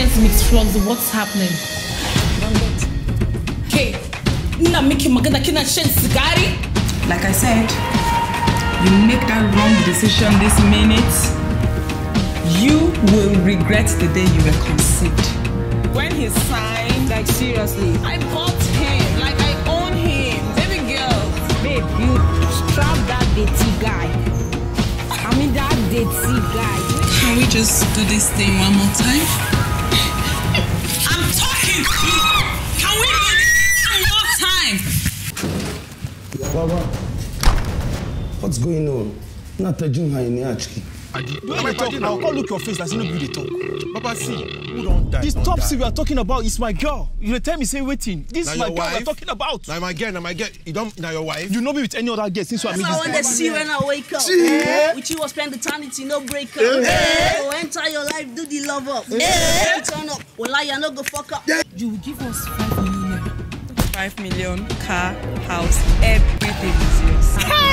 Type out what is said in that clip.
mix meets What's happening? kina sigari. Like I said, you make that wrong decision this minute, you will regret the day you were conceived. When he signed, like seriously, I bought him, like I own him. Baby girl, babe, you strap that dating guy. I mean that dating guy. Can we just do this thing one more time? Can we one more time? Baba, what's going on? Not a junior in the Let me talk now. Come look your face. That's no good at talk? die? This top see we are talking about is my girl. You tell me, say, waiting. This now is my girl we're talking about. Now my girl, now my girl. You don't, now your wife. You know me with any other girl since we are meeting. I want to see when I wake up. Yeah. With you, will spend eternity, no break up. Yeah. Yeah. Will enter your life, do the love up. Yeah. yeah. Turn up. Well, I no go fuck up. Yeah. You will give us five million. Five million, car, house, everything is yours.